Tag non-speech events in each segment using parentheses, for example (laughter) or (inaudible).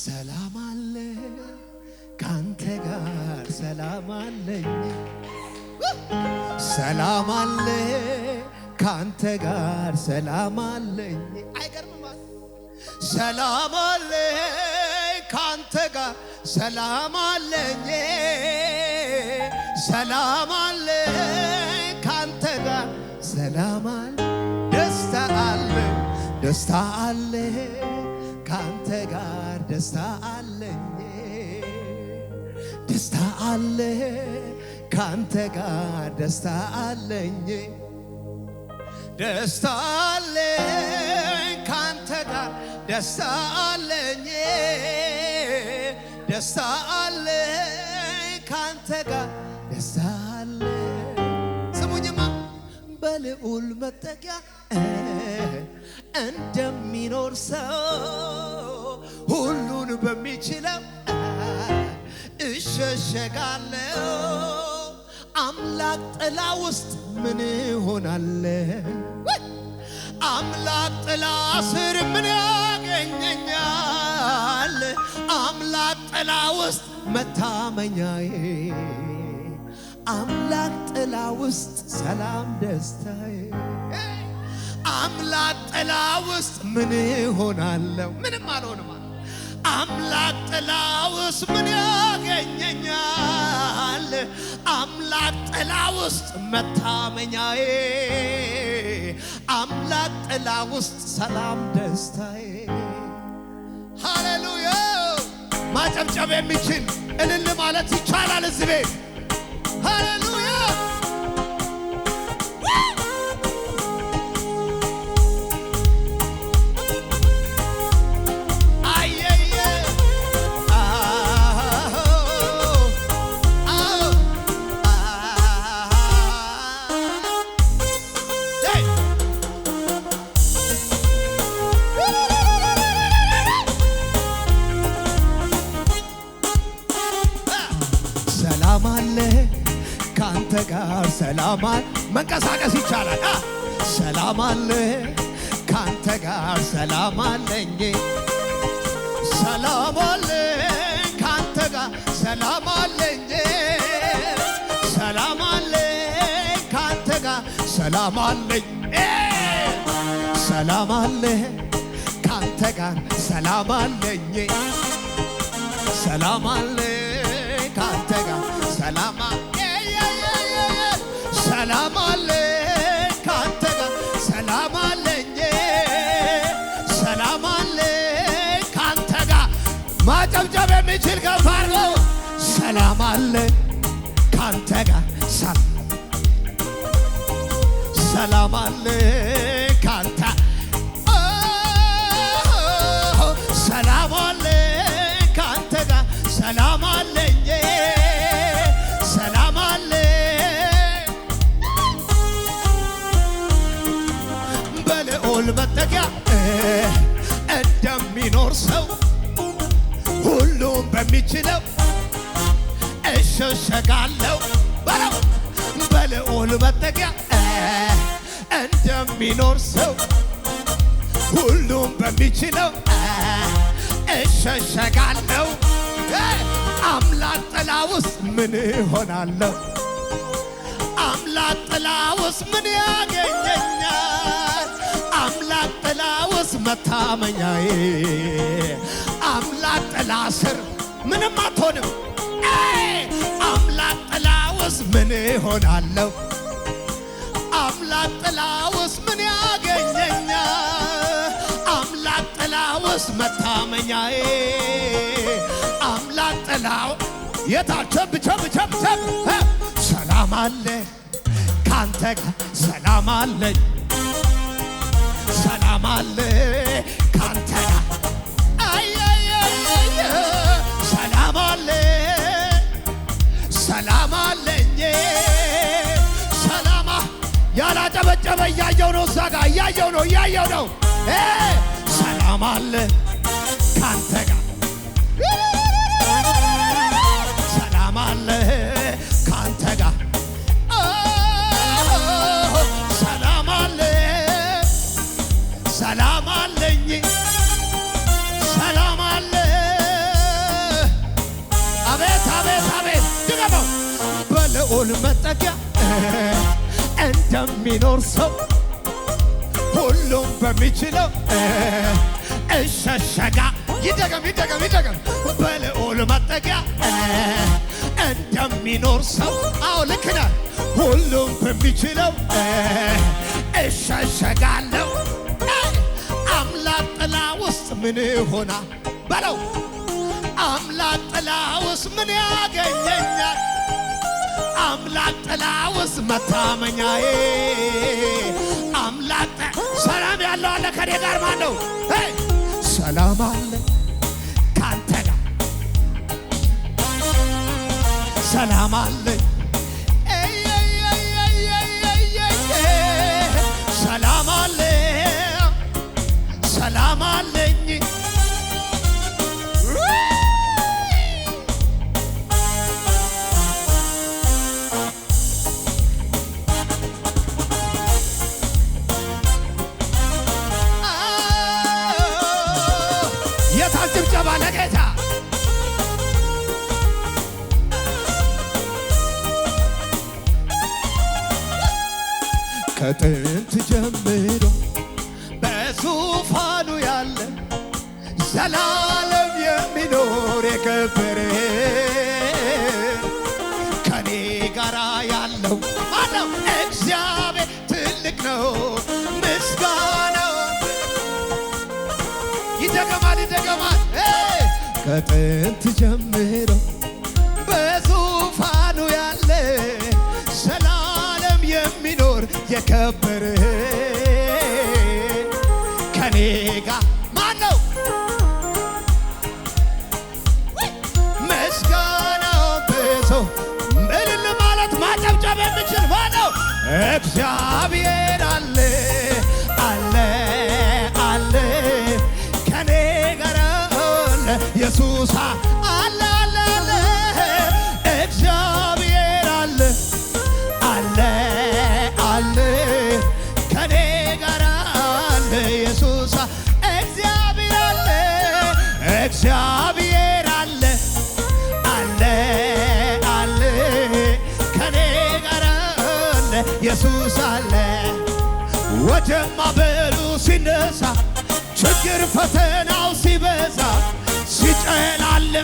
ሰላም አለ ካንተ ጋር ሰላም አለኝ ሰላም አለ ካንተ ጋር ሰላም አለኝ አይገርምም ሰላም አለ ካንተ ጋር ሰላም አለኝ ሰላም አለ ካንተ ጋር ሰላም አለ ደስታ አለ ደስታ አለ ካንተ ጋር ደስታ አለኝ ደስታ አለ ካንተ ጋር ደስታ አለኝ ደስታ አለ ካንተ ጋር ደስታ አለኝ ደስታ አለ ካንተ ጋር ደስታ አለ ስሙኝማ በልዑል መጠጊያ እንደሚኖር ሰው ሁሉን በሚችለው እሸሸጋለው። አምላክ ጥላ ውስጥ ምን ሆናለ? አምላክ ጥላ ስር ምን ያገኘኛል? አምላክ ጥላ ውስጥ መታመኛዬ፣ አምላክ ጥላ ውስጥ ሰላም ደስታዬ አምላክ ጥላ ውስጥ ምን ሆናለሁ? ምንም አልሆንም። አምላክ ጥላ ውስጥ ምን ያገኘኛል? አምላክ ጥላ ውስጥ መታመኛዬ፣ አምላክ ጥላ ውስጥ ሰላም ደስታዬ። ሃሌሉያ! ማጨብጨብ የሚችል እልል ማለት ይቻላል እዚህ ቤት ሃሌሉያ ሰላም አለ ካንተ ጋር ሰላም አለ መንቀሳቀስ ይቻላል። ሰላም አለ ካንተ ጋር ሰላም አለኝ ሰላም አለ ካንተ ጋር ሰላም አለኝ ሰላም አለ ካንተ ጋር ሰላም አለኝ ሰላም አለ ካንተ ጋር ሰላም አለኝ ሰላም አለ ካንተ ጋር ሰላም ሰላም አለኝ ካንተ ጋር ማጨብጨብ የሚችል ገፋር ነው። ሰላም ካንተ ጋር ሰላም ቢኖር ሰው ሁሉም በሚችለው እሸሸጋለው በለው በልዑል መጠጊያ እንደሚኖር ሰው ሁሉም በሚችለው እሸሸጋለው አምላክ ጥላ ውስጥ ምን ሆናለሁ? አምላክ ጥላ ውስጥ ምን ያገኘኛል? አምላክ ጥላ ውስጥ መታመኛዬ አምላክ ጥላ ስር ምንም አትሆንም። አምላክ ጥላ ውስጥ ምን እሆናለሁ? አምላክ ጥላ ውስጥ ምን ያገኘኛ? አምላክ ጥላ ውስጥ መታመኛዬ አምላክ ጥላው የታ ቸብ ቸብ ቸብ ሰላም አለ ካንተ ጋር ሰላም አለኝ ሰላም አለ ካንተ ሰላም አለ ሰላም አለኝ ሰላማ ያላጨበጨበ እያየው ነው እዛ ጋ እያየው ነው እያየው ነው ሰላም አለ ካንተ ጋር (laughs) እንደሚኖር ሰው ሁሉም በሚችለው (laughs) እሸሸጋ ይደገም ይደገም ይደገም በልዑል መጠጊያ (laughs) እንደሚኖር ሰው አዎ ልክ ነህ። ሁሉም በሚችለው እሸሸጋለሁ አምላክ ጥላ ውስጥ ምን ሆና በለው አምላክ ጥላ ውስጥ ምን ያገኘኛል? አምላክ ጥላ ውስጥ መታመኛዬ አምላክ ሰላም ያለው አለ ከኔ ጋር ማነው? ሰላም አለ ካንተ ጋር ሰላም አለ ሰላም አለ ሰላም አለኝ ከጥንት ጀምሮ በዙፋኑ ያለ ዘላለም የሚኖር የከበረ ከኔ ጋር ማን ነው? ምስጋናው ብዙ እልል ማለት ማጨብጨብ የምችል ማነው? እግዚአብሔር ሙሳ አለ አለ አለ እግዚአብሔር አለ አለ አለ ከኔ ጋር አለ ኢየሱሳ እግዚአብሔር አለ እግዚአብሔር አለ አለ አለ ከኔ ጋር አለ ኢየሱስ አለ ወጀማ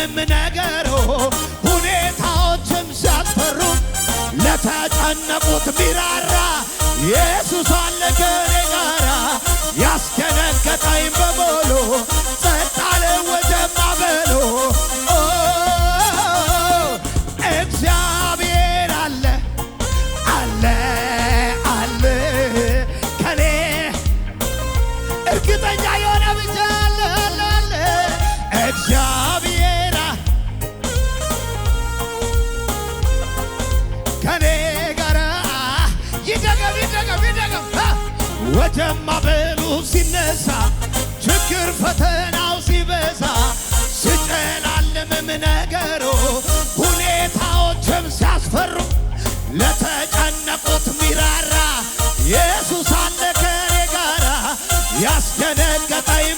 ምንም ነገር ሁኔታዎችም ሲያስፈሩ ለተጨነቁት ቢራራ ኢየሱስ አለ ከኔ ጋራ ያስደነገጠኝ በሙሉ ወጀማበሉ ሲነሳ ችግር ፈተናው ሲበዛ ሲጨላልምም ነገሩ ሁኔታዎችም ሲያስፈሩ ለተጨነቁት ሚራራ ኢየሱስ አለ ከኔ ጋራ ያስደነገጠኝ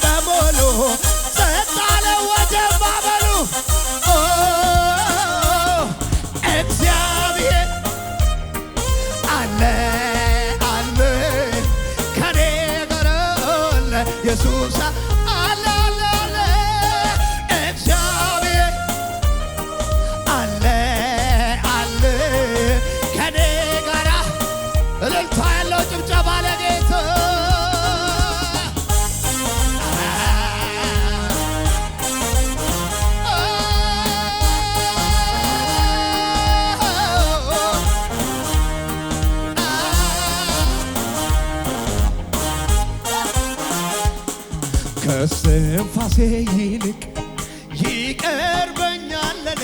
ከስንፋሴ ይልቅ ይቀርበኛል ለኔ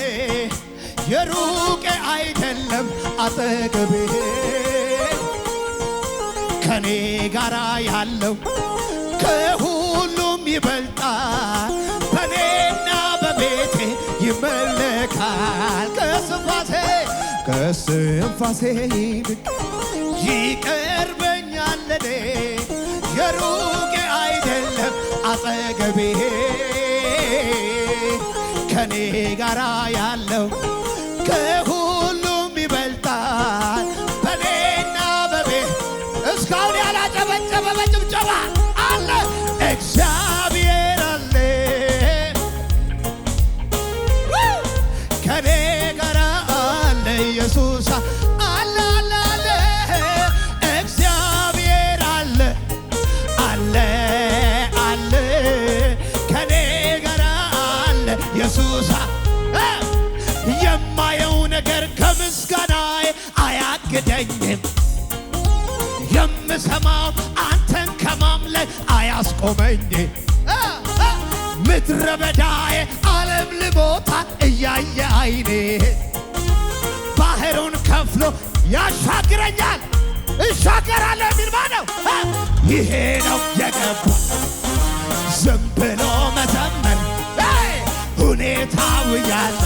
የሩቄ አይደለም አጠገቤ ከኔ ጋራ ያለው ከሁሉም ይበልጣል በኔና በቤቴ ይመለካል ከስንፋሴ ከስንፋሴ ይልቅ ይቀርበኛል ለኔ የሩቄ አጠገቤ ከኔ ጋራ ያለው ከሁሉም ይበልጣል። በኔና በቤ እስካሁን ያላጨበጨበ በጭብጨባ ቆመኝ ምድረ በዳዬ ዓለም ልቦታ እያየ አይኔ ባህሩን ከፍሎ ያሻግረኛል እሻገራለ የሚል ማነው? ይሄ ነው የገባ ዝም ብሎ መዘመን ሁኔታው ያለ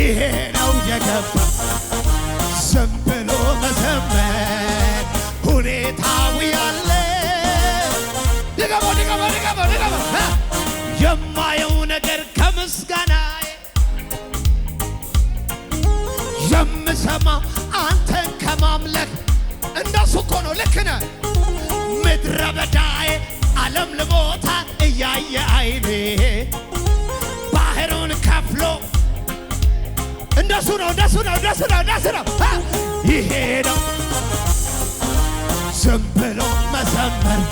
ይሄ ነው የገባ ልክነ ምድረ በዳዬ ዓለም ልሞታ እያየ አይኔ ባህሩን ከፍሎ እንደሱ ነው እንደሱ ነው እንደሱ ነው እንደሱ ነው ይሄ ነው ዝም ብሎ መዘመር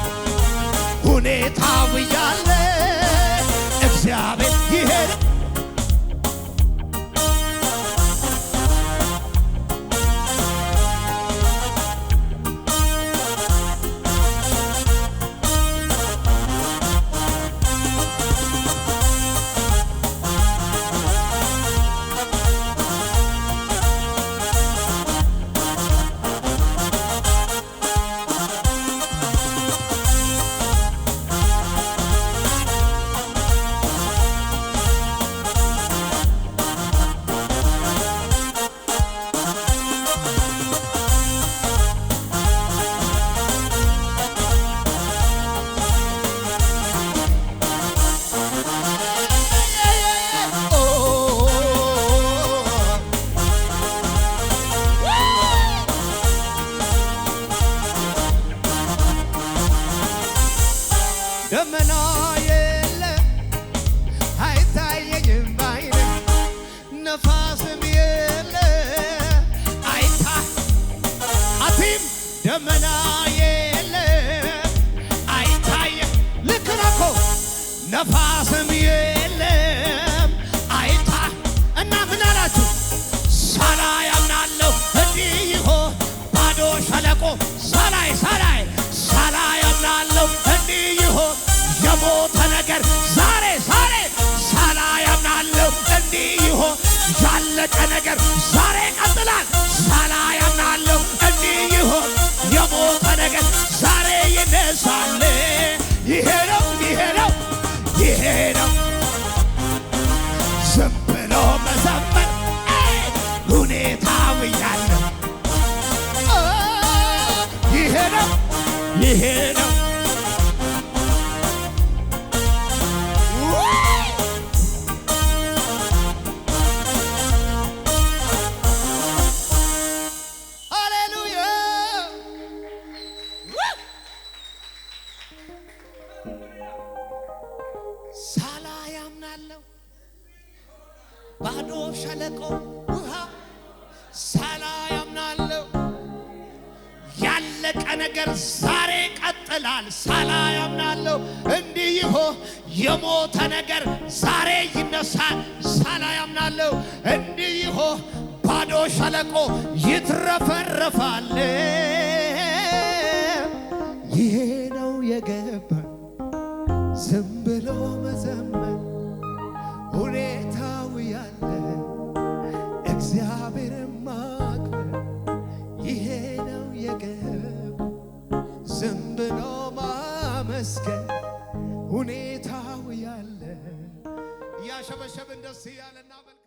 ሁኔታው እያለ እግዚአብሔር ነፋስም የለም አይታ እና ምን አላችሁ ሳላ ያምናለሁ እንዲህ ይሆን ባዶ ሸለቆ ሳላይ ሳላይ ሳላ ያምናለሁ እንዲህ ይሆን የሞተ ነገር ዛሬ ዛሬ ሳላ ያምናለሁ እንዲህ ይሆን ያለቀ ነገር ዛሬ ይቀጥላል ሳላ ያምናለሁ እንዲህ ይሆን የሞተ ነገር ዛሬ ይነሳል ይሄ ይሄ ነው ሳላ ያምናለሁ ባዶ ሸለቆ ውሃ ሳላ ያምናለሁ ያለቀ ነገር ይጥላል ሳላ ያምናለሁ እንዲህ ይሆ የሞተ ነገር ዛሬ ይነሳል ሳላ ያምናለሁ እንዲህ ይሆ ባዶ ሸለቆ ይትረፈረፋል ይሄ ነው የገባ ዝም ብሎ መዘመን ሁኔታው ያለ እግዚአብሔር ብሎ ማመስገን ሁኔታው ያለ እያሸበሸብን ደስ እያለና